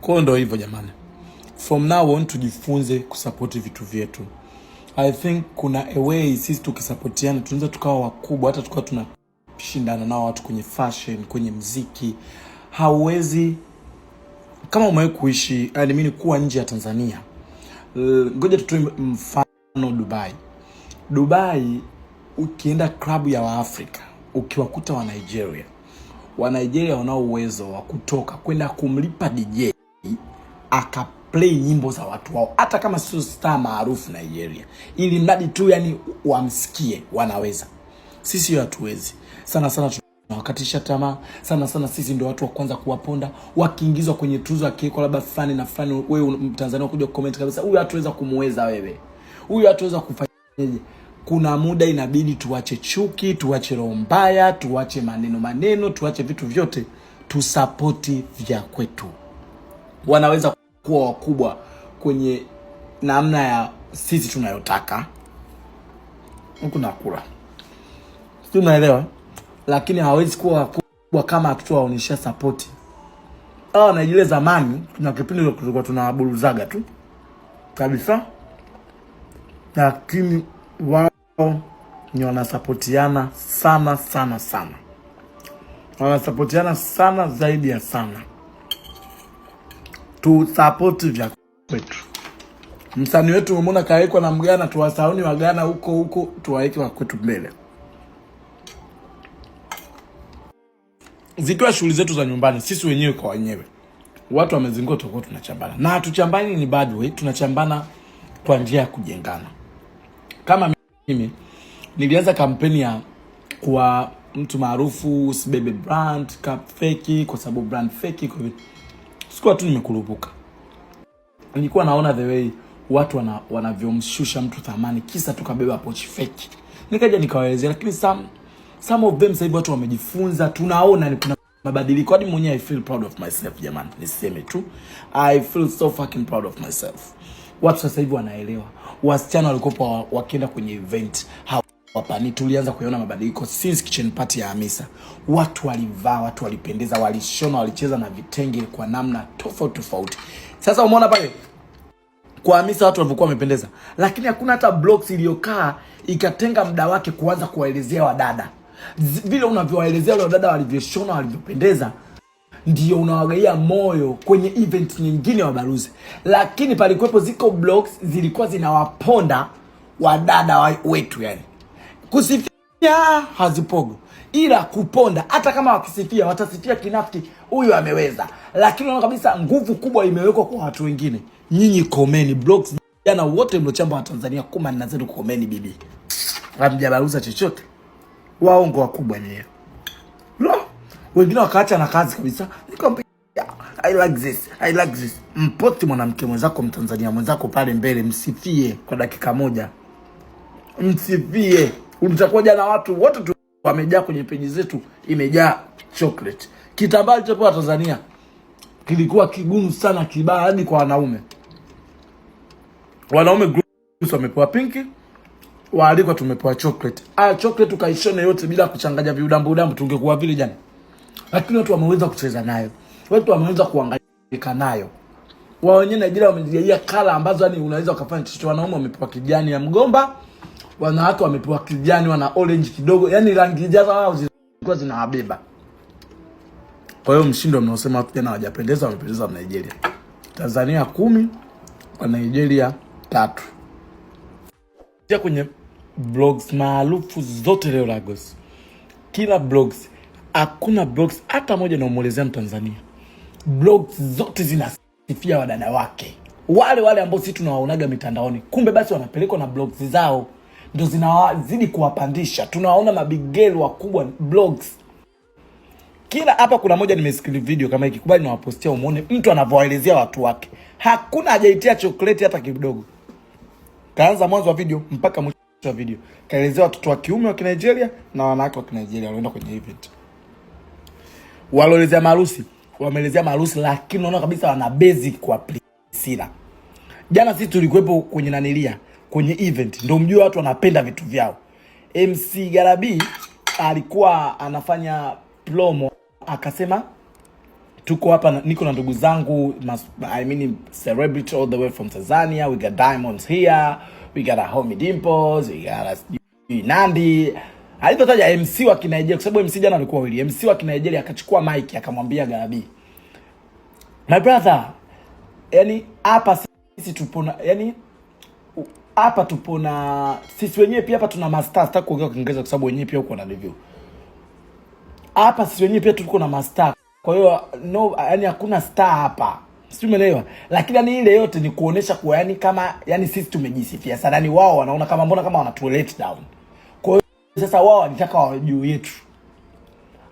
Kwa hiyo ndo hivyo jamani, from now on tujifunze kusapoti vitu vyetu. I think kuna a way sisi tukisapotiana tunaweza tukawa wakubwa, hata tukawa tunashindana nao watu kwenye fashion, kwenye mziki. Hauwezi kama umewahi kuishi I kuwa nje ya Tanzania. Ngoja tutoe mfano Dubai. Dubai ukienda klabu ya Waafrika ukiwakuta wa Nigeria, wa Nigeria wanao uwezo wa kutoka kwenda kumlipa DJ akaplay nyimbo za watu wao, hata kama sio star maarufu Nigeria, ili mradi tu yani wamsikie, wanaweza. Sisi hatuwezi sana sana tunawakatisha tamaa sana sana. Sisi ndio watu wa kwanza kuwaponda, wakiingizwa kwenye tuzo, akiwekwa labda fulani na fulani, wewe Mtanzania unakuja comment kabisa, huyu hatuweza kumweza wewe, huyu hatuweza kufanyaje? Kuna muda inabidi tuache chuki, tuache roho mbaya, tuache maneno maneno, tuache vitu vyote, tusapoti vya kwetu, wanaweza kuwa wakubwa kwenye namna ya sisi tunayotaka huku na kula, sijui unaelewa, lakini hawawezi kuwa wakubwa kama hatutawaonyesha sapoti. Hawa na ile zamani, tuna kipindi tulikuwa tunawaburuzaga tu kabisa, lakini wao ni wanasapotiana sana sana sana, wanasapotiana sana zaidi ya sana tusapoti vya kwetu. Msanii wetu umeona kawekwa na Mgana, tuwasauni Wagana huko huko, tuwaeke wa kwetu mbele. Zikiwa shughuli zetu za nyumbani, sisi wenyewe kwa wenyewe, watu wamezingua, tutakuwa tunachambana na hatuchambani ni bad way, tunachambana kwa njia ya kujengana. Kama mimi nilianza kampeni ya kuwa mtu maarufu, usibebe brand cap feki, kwa sababu brand feki kwa sikuwa tu nimekurupuka, nilikuwa naona the way watu wanavyomshusha wana mtu thamani kisa tu kabeba pochi fake. Nikaja nikawaelezea, lakini some some of them sasa watu wamejifunza, tunaona ni kuna mabadiliko hadi mwenyewe. I feel proud of myself jamani, niseme tu I feel so fucking proud of myself. Watu sasa hivi wanaelewa, wasichana walikopa wakienda kwenye event wapani tulianza kuyaona mabadiliko since kitchen party ya Hamisa. Watu walivaa, watu walipendeza, walishona, walicheza na vitenge kwa namna tofauti tofauti. Sasa umeona pale kwa Hamisa watu walivyokuwa wamependeza, lakini hakuna hata blocks iliyokaa ikatenga muda wake kuanza kuwaelezea wadada vile unavyowaelezea wale wadada walivyoshona, walivyopendeza ndio unawagaia moyo kwenye event nyingine wa baruzi lakini palikuwepo ziko blocks zilikuwa zinawaponda wadada wetu yani kusifia hazipogo, ila kuponda. Hata kama wakisifia watasifia kinafiki, huyu ameweza, lakini unaona kabisa nguvu kubwa imewekwa kwa watu wengine. Nyinyi komeni blogs, jana wote mliochamba wa Tanzania kuma na zenu komeni, bibi hamjabaruza chochote, waongo wakubwa ni no. wengine wakaacha na kazi kabisa. Nikamwambia I like this, I like this. Mpoti mwanamke mwenzako, mtanzania mwenzako pale mbele, msifie kwa dakika moja, msifie. Utakuja na watu wote tu wamejaa kwenye peji zetu, imejaa chocolate. Kitambaa kilichopewa Tanzania kilikuwa kigumu sana, kibaya hadi kwa wanaume. Wanaume groups wamepewa pinki, waalikwa tumepewa chocolate. Ah, chocolate ukaishone yote bila kuchanganya viudambu udambu, tungekuwa vile jana, lakini watu wameweza kucheza nayo, watu wameweza kuangaika nayo wao wenyewe. Nigeria wamejigaia kala ambazo yani unaweza ukafanya chochote. Wanaume wamepewa kijani ya mgomba wanawake wamepewa kijani, wana orange kidogo, yani rangi jaza wao zilikuwa zinawabeba. Kwa hiyo mshindo mnaosema watu jana hawajapendeza, wamependeza wa Nigeria. Tanzania kumi kwa Nigeria tatu. Ya kwenye blogs maarufu zote leo Lagos, kila blogs, hakuna blogs hata moja inaomwelezea Mtanzania. Blogs zote zinasifia wadada wake wale wale ambao sisi tunawaonaga mitandaoni, kumbe basi wanapelekwa na blogs zao ndo zinazidi kuwapandisha. Tunawaona mabigel wakubwa blogs kila hapa. Kuna moja nimesikili video kama ikikubali nawapostia, umwone mtu anavyowaelezea watu wake, hakuna hajaitia chokoleti hata kidogo. Kaanza mwanzo wa video mpaka mwisho wa video, kaelezea watoto wa kiume wa Kinigeria na wanawake wa Kinigeria walienda kwenye event, walioelezea maharusi, wameelezea maharusi, lakini unaona kabisa wana basic kwa Priscilla. Jana sisi tulikuwepo kwenye nanilia kwenye event, ndio mjue watu wanapenda vitu vyao. MC Garabi alikuwa anafanya promo, akasema tuko hapa, niko na ndugu zangu I mean celebrity all the way from Tanzania, we got diamonds here, we got a homie Dimples, we got a Nandi alipotaja MC wa Kinigeria kwa sababu MC jana alikuwa wili. MC wa Kinigeria akachukua mic akamwambia Garabi, my brother, yani hapa sisi tupo, yani hapa tupo na sisi wenyewe pia hapa tuna mastaa. Sitaki kuongea Kiingereza kwa sababu wenyewe pia uko na review hapa. Sisi wenyewe pia tuko na mastaa, kwa hiyo no, yani hakuna star hapa, si umeelewa? Lakini yani ile yote ni kuonesha kwa yani kama yani sisi tumejisifia sana, yani wao wanaona kama mbona kama wana toilet down. Kwa hiyo sasa wao wanataka wa juu yetu,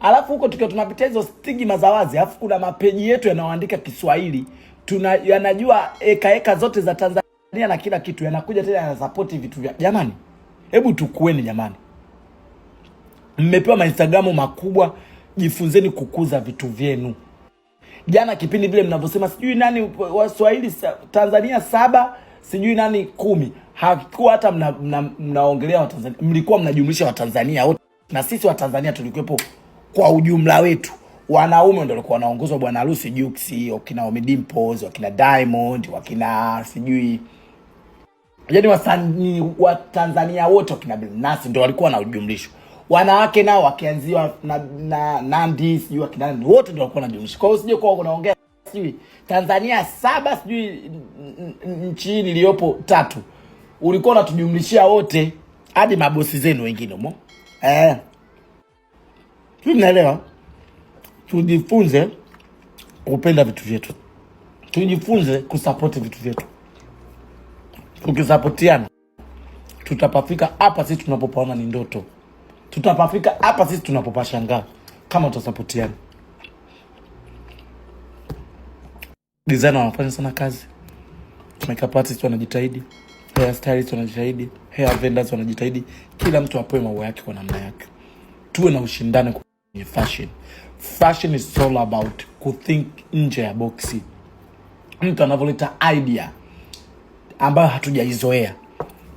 alafu huko tukiwa tunapitia hizo stigma za wazi, alafu kuna mapeji yetu yanaoandika Kiswahili tuna yanajua eka eka zote za Tanzania Tanzania na kila kitu yanakuja tena yanasapoti vitu vya jamani, hebu tukueni jamani, mmepewa mainstagamu makubwa, jifunzeni kukuza vitu vyenu. Jana kipindi vile mnavyosema sijui nani Waswahili Tanzania saba sijui nani kumi, hakikuwa hata mna, mna, mnaongelea Watanzania, mlikuwa mnajumlisha Watanzania wote, na sisi Watanzania tulikuwepo kwa ujumla wetu wanaume ndio walikuwa wanaongozwa bwana harusi Jux, wakina Omidimpoz, wakina Diamond, wakina sijui yaani wasanii wa Tanzania wote wakina Billnass ndio walikuwa na ujumlisho, wanawake nao wakianziwa na, na nandi sijui wakina nani wote ndio walikuwa na Kwa hiyo usije kwa unaongea sijui Tanzania saba sijui nchi iliyopo tatu, ulikuwa unatujumlishia wote hadi mabosi zenu wengine umo eh, tunaelewa. Tujifunze kupenda vitu vyetu, tujifunze kusapoti vitu vyetu tukisapotiana tutapafika hapa sisi tunapopaona ni ndoto, tutapafika hapa sisi tunapopashangaa kama tutasapotiana. Designer wanafanya sana kazi, makeup artist wanajitahidi, hair stylist wanajitahidi, hair vendors wanajitahidi, kila mtu apewe maua yake kwa namna yake. Tuwe na ushindani kwenye fashion. Fashion is all about kuthink nje ya boxi mtu anavyoleta idea ambayo hatujaizoea,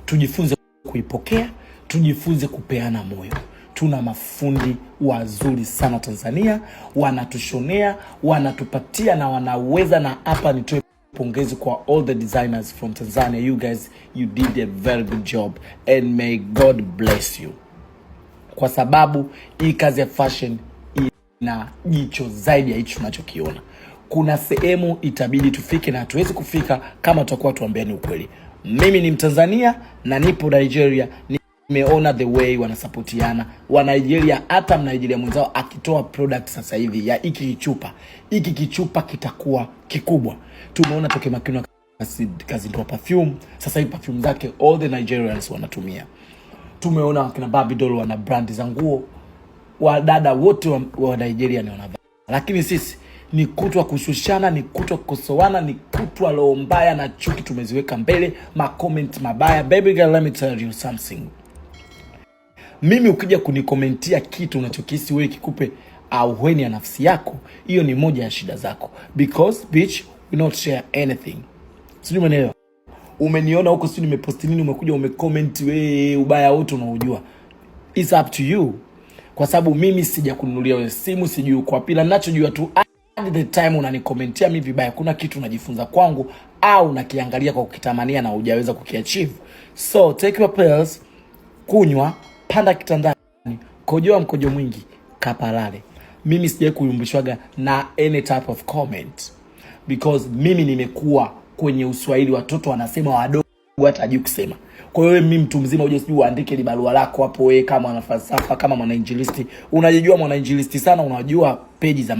tujifunze kuipokea, tujifunze kupeana moyo. Tuna mafundi wazuri sana Tanzania, wanatushonea, wanatupatia na wanaweza. Na hapa nitoe pongezi kwa all the designers from Tanzania, you guys you did a very good job and may God bless you, kwa sababu hii kazi ya fashion ina jicho zaidi ya hichi tunachokiona kuna sehemu itabidi tufike na hatuwezi kufika kama tutakuwa tuambiani ukweli. Mimi ni Mtanzania na nipo Nigeria, nimeona the way wanasapotiana wa Nigeria. Hata Mnigeria mwenzao akitoa product sasa hivi ya hiki kichupa, iki kichupa kitakuwa kikubwa. Tumeona Toke Makino kazindua perfume, sasa hivi perfume zake all the Nigerians wanatumia. Tumeona wakina Babydol wana brandi za nguo, wadada wote wa, wa Nigeria ni wanavaa, lakini sisi ni kutwa kushushana, ni kutwa kukosoana, ni kutwa roho mbaya na chuki tumeziweka mbele, makoment mabaya. Baby girl, let me tell you something. Mimi ukija kunikomentia kitu unachokihisi wewe kikupe auheni ya nafsi yako, hiyo ni moja ya shida zako, because bitch we not share anything. Sijui umeelewa? Umeniona huko, sijui nimeposti nini, umekuja umecomment wewe ubaya wote unaojua. It's up to you, kwa sababu mimi sija kununulia wewe simu, sijui uko wapi, nachojua tu I- the time unanikomentia mi vibaya, kuna kitu unajifunza kwangu au unakiangalia kwa kukitamania na ujaweza kukiachieve. So take your pills, kunywa, panda kitandani, kojoa mkojo mwingi, kapalale. Mimi sijai kuyumbishwaga na any type of comment because mimi nimekuwa kwenye Uswahili, watoto wanasema wadogo hata hajui kusema. Kwa hiyo mimi mtu mzima uje sijui uandike ile barua lako hapo wewe, kama mwanafalsafa, kama mwanainjilisti, unajijua mwanainjilisti sana, unajua peji za